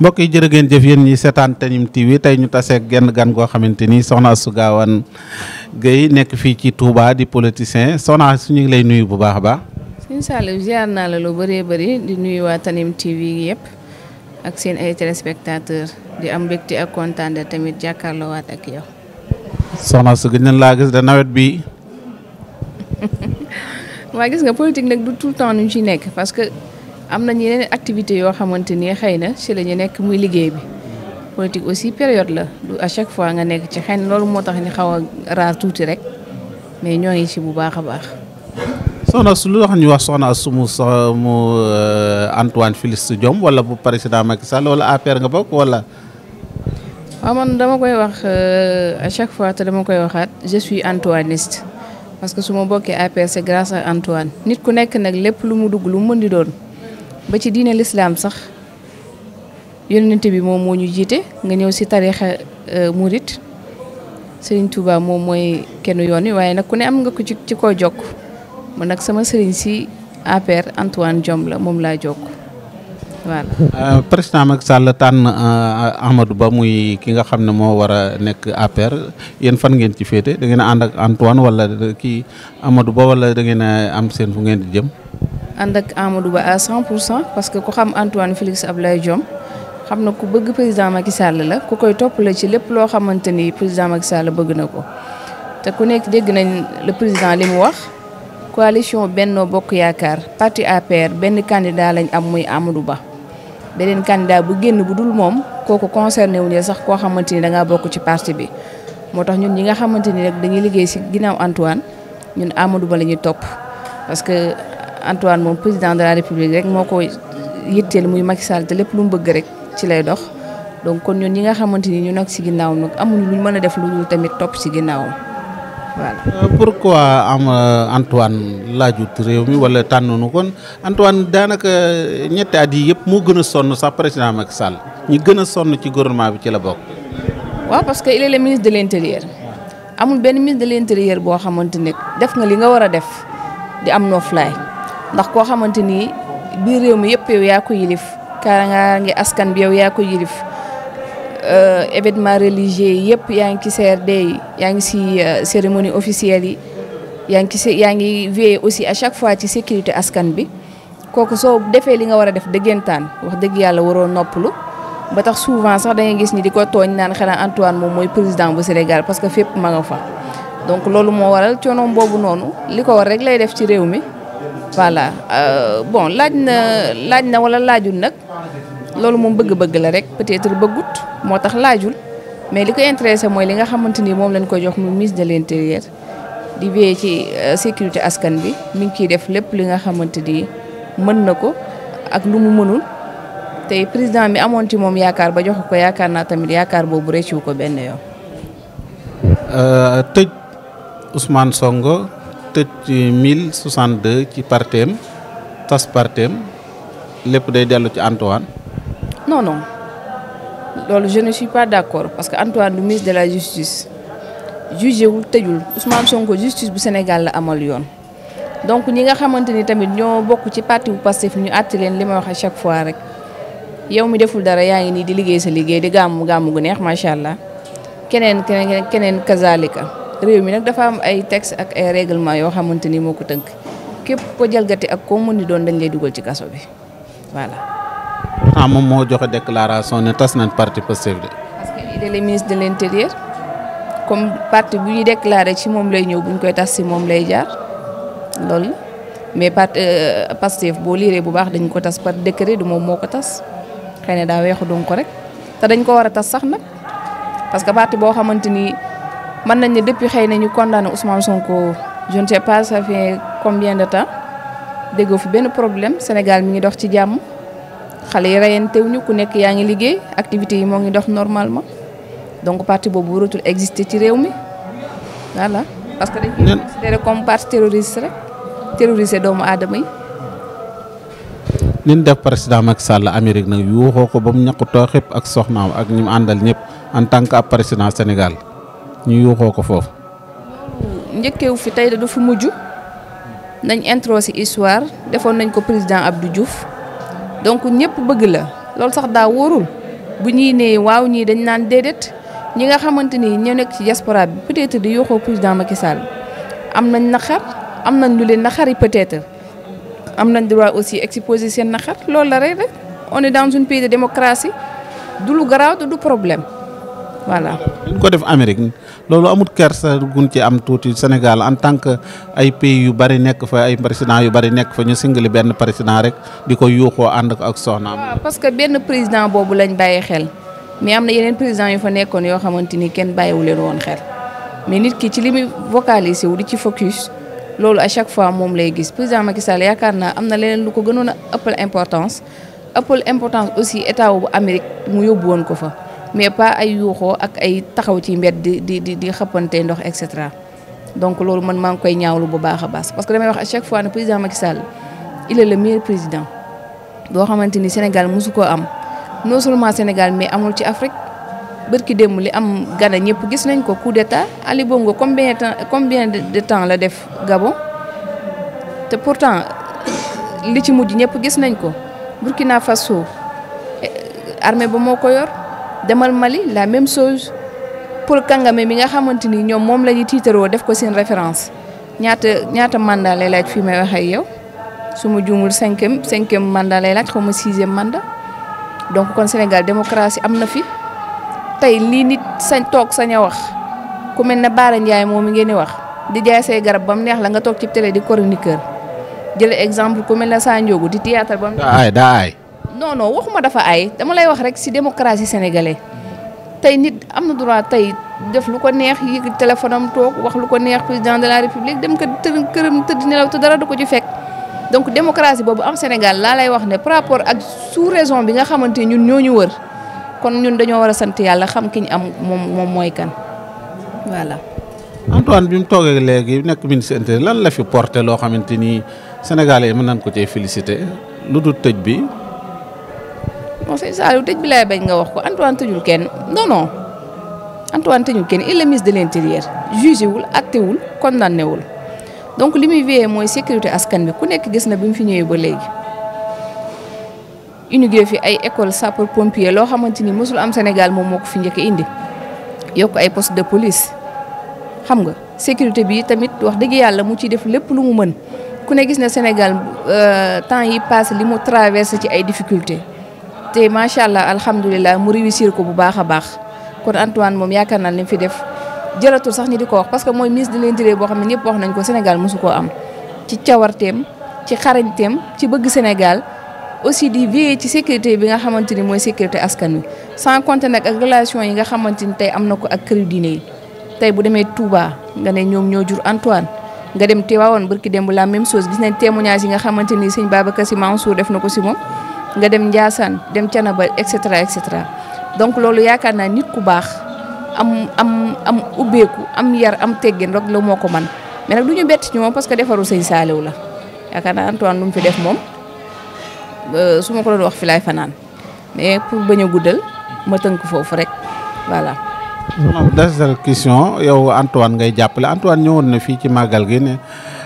mbokk yi jërë ngeen jëf yéen ñi seetaan Tanime TV tey ñu tasee genn gan goo xamante ni soxna Astou Gawane Gueye nekk fii ci Touba di politicien soxna su ñu ngi lay nuyu bu baax a baax. sëñ Saliou ziar naa la lu bëree bëri di nuyu waa Tanime TV yëpp ak seen ay di am mbégte ak kontaan tamit jàkkaarloowaat ak yow. soxna Astou gëj nañ laa gis da nawet bi waa gis nga politique nag du tout le temps ñu ciy nekk am nañ yeneen activité yoo xamante ni xëy na ci la ñu nekk muy liggéey bi politique aussi période la du à chaque fois nga nekk ci xëy na loolu moo tax ni xaw a raar tuuti rek mais ñoo ngi ci bu baax a baax. soxna su lu tax ni wax soxna su mu sox mu euh, Antoine Félix Diome wala bu président Macky Sall wala nga bokk wala. waaw dama koy wax euh, à chaque fois te dama koy waxaat je suis antoiniste parce que su ma bokkee APR c'est grâce à Antoine nit ku nekk nag lépp lu mu dugg lu mu mën di doon. ba ci diine lislaam sax yonente bi moom moo ñu jiite nga ñëw si tarixa euh, murit sëriñ Touba moom mooy kenn yoon wi waaye nag ku ne am nga ko ci ci koo jokk man nag sama sëriñ si APR Antoine Diome la moom laa jokk voilà. Euh, président Macky Sall tànn euh, Amadou Ba muy ki nga xam ne moo war a nekk APR yéen fan ngeen ci féete da ngeen a ànd ak Antoine wala kii Amadou Ba wala da ngeen a am seen fu ngeen di jëm. ànd ak Amadou Ba à 100 pour cent parce que ku xam Antoine Félix Abdoulaye Diome xam na ku bëgg président Macky Sall la ku koy topp la ci lépp loo xamante ni président Macky la bëgg na ko te ku nekk dégg nañ le président li mu wax coalition Benno Bokk Yaakaar parti APR benn candidat lañ am muy Amadou Ba beneen candidat bu génn bu dul moom kooku concerné wu ñu sax koo xamante ni da bokk ci parti bi moo tax ñun ñi nga xamante ni rek dañuy liggéey si ginnaaw Antoine ñun Amadou Ba la ñuy topp Antoine moom président de la république rek moo ko yitteel muy Macky Sall te lépp lu mu bëgg rek ci lay dox donc kon ñun ñi nga xamante ni ñu nag si ginnaaw nag amuñu lu ñu mën a def lu dul tamit topp si ginnaawam voilà. Euh, pourquoi am euh, Antoine laajut réew mi wala tànnuñu kon daanaka euh, ñetti at yi yëpp moo gën a sonn sax président Macky Sall ñi gën a sonn ci gouvernement bi ci la bokk. waaw parce que il ministre de l' amul benn ministre de l' boo xamante ne def nga li nga war a def di am noflaay ndax koo xamante ni biir réew mi yëpp yow yaa ko yilif kaara ngi askan bi yow yaa ko yilif euh, événement religieux yi yëpp yaa ngi ci CRD yi yaa ngi si euh, cérémonie officielle yi yaa ngi ci yaa ngi veillé aussi à chaque fois ci sécurité askan bi kooku soo defee li nga war a def dëggantaan wax dëgg yàlla waroo noppalu ba tax souvent sax da ngay gis ni di ko tooñ naan xanaa Antoine moom mooy président bu Sénégal parce que fépp ma nga fa donc loolu moo waral coonoom boobu noonu li ko war rek lay def ci réew mi voilà euh, bon laaj na laaj na wala laajul nag loolu moom bëgg-bëgg la rek peut-être bëggut moo tax laajul mais li ko intéressé mooy li nga xamante ni moom lañ ko jox mu ministre de l'intérieur di veiller ci euh, sécurité askan bi mi ngi ciy def lépp li nga xamante ni mën na ko ak lu mu mënul tey président bi amoon ci moom yaakaar ba jox ko yaakaar naa tamit yaakaar boobu rëccu ko benn yoon. Euh, tëj Ousmane Sonko. tëj mille soixante deux ci parteem tas parteem lépp day dellu ci Antoine. non loolu jeune ne suis pas d'accord parce que Antoine du ministre de la justice wu tëjul Ousmane Sonko justice bu Sénégal la amal yoon. donc ñi nga xamante ni tamit ñoo bokk ci parti bu Pastef ñu àtti leen li ma wax à chaque fois rek yow mi deful dara yaa ngi nii di liggéey sa liggéey di gàmmu gàmmu gu neex macha allah keneen keneen keneen kazalika réew mi nag dafa am ay texte ak ay règlement yoo xamante moo ko tënk képp ko jalgati ak koo mën di doon dañ lay dugal ci kaso bi voilà. ah moom moo joxe déclaration ne tas nañ parti Pastef de. parce que il est le ministre de comme parti bu ñu déclaré ci moom lay ñëw bu koy tas si moom lay jaar loolu mais parti euh, Pastef boo liiree bu baax dañ ko tas par décret du moom moo ko tas xëy na daa weexu donc rek te dañ ko war tas sax nag parce que parti boo xamante mën nañ ne depuis xëy nañu ñu condamné Ousmane Sonko je ne sais pas comme fait combien de temps déggoo fi benn problème Sénégal mi ngi dox ci jàmm xale yi ñu ku nekk yaa ngi liggéey activités yi moo ngi dox normalement donc parti boobu waratul existe ci réew mi voilà. parce que dañ koy considéré comme terroriste rek terroriser doomu aadama yi. li def président Macky Sall Amérique nag yuuxoo ko ba mu ñàkk tooxib ak soxnaam ak ñu mu àndal ñëpp en tant que ab président Sénégal. ñu yuuxoo ko foofu. njëkkeewu fi tey du fi mujj nañ intro ci histoire defoon nañ ko président ab du Diouf donc ñëpp bëgg la loolu sax daa wóorul bu ñuy nee waaw ñii dañ naan déedéet ñi nga xamante ni ñoo nekk ci diaspora bi peut-être di yuuxoo président Macky Sall am nañ naxar am nañ lu leen naxari peut-être am nañ droit aussi exposer seen naxar loolu la rek one on est dans un pays de démocratie du lu garaaw du problème. voilà. dañ ko def Amérique loolu amut kersa gun ci am tuuti Sénégal en tant que ay pays yu bari nekk fa ay président yu bari nekk fa ñu singali benn président rek di ko yuuxoo ànd ak soxnaam. waaw ah, parce que benn président boobu lañ bàyyi xel mais am na yeneen président yu fa nekkoon yoo xamante ni kenn bàyyiwu leen woon xel mais nit ki ci li muy vocaliser wu di ci focus loolu à chaque fois moom lay gis président Macky Sall yaakaar naa am na leneen lu ko gënoon a ëppal importance ëppal importance aussi état wu Amérique mu yóbbu woon ko fa. mais pas ay yuuxoo ak ay taxaw ci mbedd di di di di xëppante ndox et cetera donc loolu man maa ngi koy ñaawlu bu baax a baax parce que damay wax à chaque fois ne président Macky Sall il est le meilleur président boo xamante ni Sénégal mosu koo am non seulement Sénégal mais amul ci Afrique bërki démb li am Ghana ñëpp gis nañ ko coup d'état Ali Bongo combien de temps combien de temps la def Gabon te pourtant li ci mujj ñëpp gis nañ ko Burkina Faso eh, armée ba moo ko yor. demal Mali la même chose pour Kagame mi nga xamante ni ñoom moom la ñuy tiitaroo def ko seen référence ñaata ñaata mandat lay laaj fii may wax yow su ma juumul cinquième cinquième mandat lay laaj xaw ma sixième mandat donc kon Sénégal démocratie am na fi tey lii nit sañ toog sañ a wax ku mel ne Baara Ndiaye moom mi ngeen di wax di jaay say garab ba mu neex la nga toog ci télé di chroniqueur jële exemple ku mel ne Sa Ndiogou di théâtre ba mu. daa non non waxuma dafa ay dama lay wax rek ci démocratie sénégalaise tey nit am na droit tey def lu ko neex yëg téléphone am toog wax lu ko neex président de la république dem ko tëdd këram tëdd nelaw te dara du ko ci fekk. donc démocratie boobu am Sénégal laa lay wax ne par rapport ak sous raison bi nga xamante ñun ñoo ñu wër kon ñun dañoo war a sant yàlla xam ki ñu am moom moom mooy kan voilà. Antoine bi mu toogee léegi nekk ministre intérieur lan la fi porté loo xamante ni sénégalais yi mën nañ ko cee félicité lu dul tëj bi. moom sëñ tëj bi laay bañ nga wax ko Antoine tëjul kenn non non Antoine tëjul kenn il est ministre de l' intérieur jugé wul acté wul condamné wul donc li muy veillé mooy sécurité askan bi ku nekk gis na bi mu fi ñëwee ba léegi. inauguré fi ay école sapeur pompier loo xamante ni mosul am Sénégal moom moo ko fi njëkk indi yokk ay poste de police xam nga sécurité bi tamit wax dëgg yàlla mu ci def lépp lu mu mën ku ne gis ne Sénégal euh, temps yi passé li mu traverse ci ay difficultés. te macha allah alhamdulilah mu réussir ko bu baax a baax kon Antoine moom yaakaar naa li mu fi def jëratul sax ñi di ko wax parce que mooy ministre de l'intérieur boo xam ne ñëpp wax nañ ko Sénégal su koo am ci cawarteem ci xarañteem ci bëgg Sénégal aussi di veiller ci sécurité bi nga xamante ni mooy sécurité askan wi sans compter nag ak relation yi nga xamante ni tey am na ko ak këru diine yi tey bu demee Touba nga ne ñoom ñoo jur Antoine nga dem Tivaouane barki démb la même chose gis nañ témoignage yi nga xamante ni sëñ Babacar Sy Mansour def na ko si nga dem Ndiassane dem Thiénaba et cetera et cetera donc loolu yaakaar naa nit ku baax am am am ubbeeku am yar am teggin rek la moo ko man mais nag du ñu bett ci moom parce que defaru sëñ Saaliw la yaakaar naa Antoine lu mu fi def moom euh, su ma ko doon wax fi laay fanaan pour bañ a guddal ma tënk foofu rek voilà. non dernière question yow Antoine ngay jàppale Antoine ñëwoon na fii ci màggal gi ne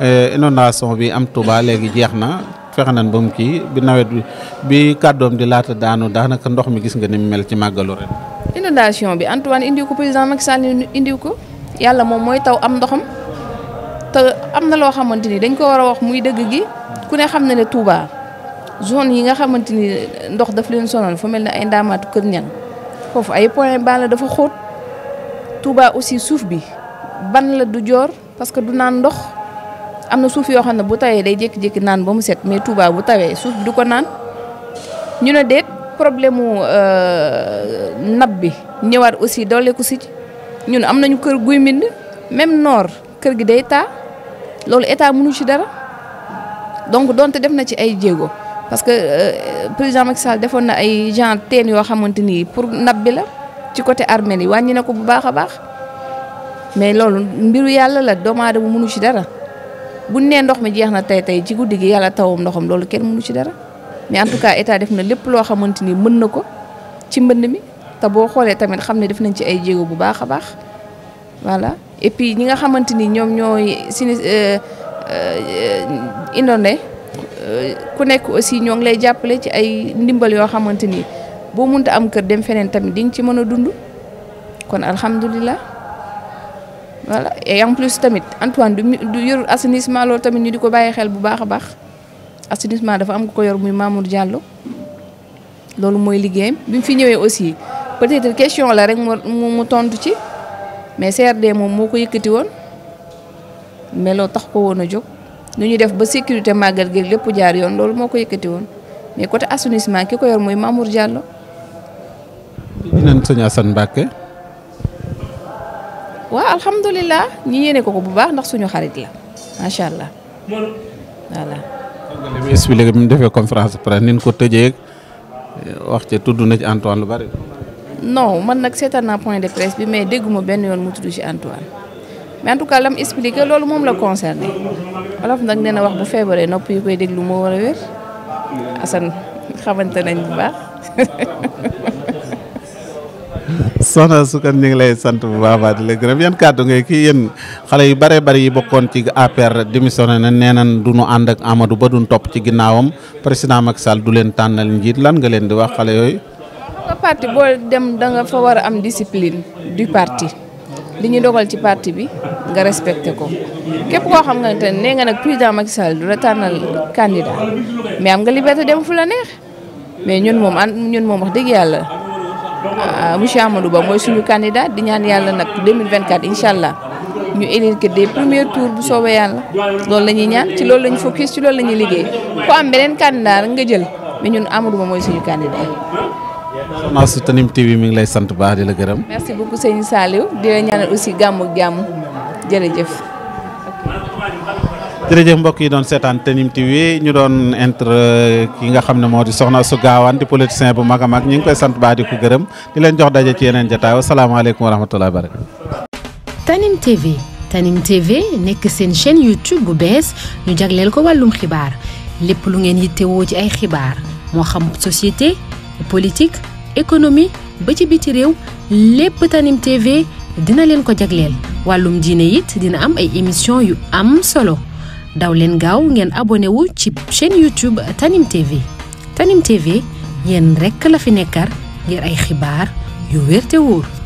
euh, inondation bi am Touba léegi jeex na. fexe nan ba mu kii bi nawet bi kàddoom di laata daanu daanaka ndox mi gis nga ni mu mel ci màggalu ren. inondation bi Antoine indiw ko président Macky Sall indiw ko yàlla moom mooy taw am ndoxam te am na loo xamante ni dañ ko war a wax muy dëgg gi ku ne xam na ne Touba zone yi nga xamante ni ndox daf leen sonal fu mel ne ay ndaamaatu kër ñan foofu ay point ban la dafa xóot Touba aussi suuf bi ban la du joor parce du naan ndox. am na suuf yoo xam ne bu tawee day jékki-jékki naan ba mu set mais Touba bu tawee suuf bi du ko naan ñu ne déet problème mu euh, nab bi ñëwaat aussi dooleeku si ñun am nañu kër guy mbind même noor kër gi day taa loolu état mënu ci dara donc donte def na ci ay jéego parce que euh, président Macky Sall defoon na ay genre teen yoo xamante ni pour nab bi la ci côté armée yi wàññi na ko bu baax a baax mais loolu mbiru yàlla la doomu aadama mënu ci dara. bu nee ndox mi jeex na tey tey ci guddi gi yàlla tawam ndoxam loolu kenn mënu ci dara mais en tout cas état def na lépp loo xamante ni mën na ko ci mbënd mi te boo xoolee tamit xam ne def nañ ci ay jéego bu baax a baax voilà et ñi nga xamante ni ñoom ñooy sini euh, euh, inondé euh, ku nekk aussi ñoo ngi lay jàppale ci ay ndimbal yoo xamante ni boo munta am kër dem feneen tamit di nga ci mën a dund kon alhamdulilah voilà et en plus tamit Antoine du du yor assainissement loolu tamit ñu di ko bàyyi xel bu baax a baax assainissement dafa am ku ko yor muy Mamour Diallo loolu mooy liggéeyam bi mu fi ñëwee aussi peut-être question la rek mu mu tontu ci mais CRD moom moo ko yëkkati woon mais loolu tax ko woon a jóg nu ñu def ba sécurité màggal gi lépp jaar yoon loolu moo ko yëkkati woon mais côté assainissement ki ko yor mooy Mamour Diallo. di naan sëñ Assane Mbacke waaw alhamdulilah ñu yéene ko ko bu baax ndax suñu xarit la macha allah. voilà. li muy expliqué bi mu defee conférence presse ni ko tëjee wax ca tudd na ci Antoine lu bari. non man nag seetaan naa point de presse bi mais dégguma benn yoon mu tudd ci Antoine mais en tout lam expliqué loolu moom la concerné olof nag nee na wax bu feebaree nopp yi koy déglu moo war a wér Assane xamante bu baax. soxna Sukkan ñu lay sant bu baax baax di la gërëm yan kàddu ngay kii yéen xale yu bare bari yi bokkoon ci APR démissionné na nee nañ du ñu ànd ak Amadou Ba duñ topp ci ginnaawam président Macky du leen tànnal njiit lan nga leen di wax xale yooyu. nga parti boo dem da nga fa war a am discipline du parti li ñu dogal ci parti bi nga respecté ko képp koo xam nga ne nee nga nag président Macky du la tànnal candidat mais am nga liberté dem fu la neex dëgg yàlla. Euh, monsieur Amadou Ba mooy suñu candidat di ñaan yàlla nag 2024 incha allah ñu élire que des premiers tours bu soobee yàlla loolu la ñuy ñaan ci loolu la ñu focus ci loolu la ñuy liggéey ku am beneen candidat nga jël mais ñun Amadou Ba mooy suñu candidat. soxna su Tanime TV mi ngi lay sant baax di la gërëm. merci beaucoup sëñ Saliou di la ñaanal aussi gàmmu ak jàmm jëf jërëjëf mbokk yi doon seetaan Tanime TV ñu doon entre euh, ki nga xam ne moo di soxna su gaawaan di politicien bu mag a ñu ngi koy sant baa gërëm di leen jox daje ci yeneen jataay wasalaamaaleykum wa rahmatullahi wa barakatu Tanime TV Tanime TV nekk seen chaîne YouTube bu bees ñu jagleel ko wàllum xibaar lépp lu ngeen yittewoo ci ay xibaar moo xam société politique économie ba ci biti réew lépp Tanime TV dina leen ko jagleel wàllum diine it dina am ay émission yu am solo daw leen gaaw ngeen abonné wu ci chaîne YouTube Tanim TV Tanim TV yéen rekk la fi nekkar ngir ay xibaar yu wér te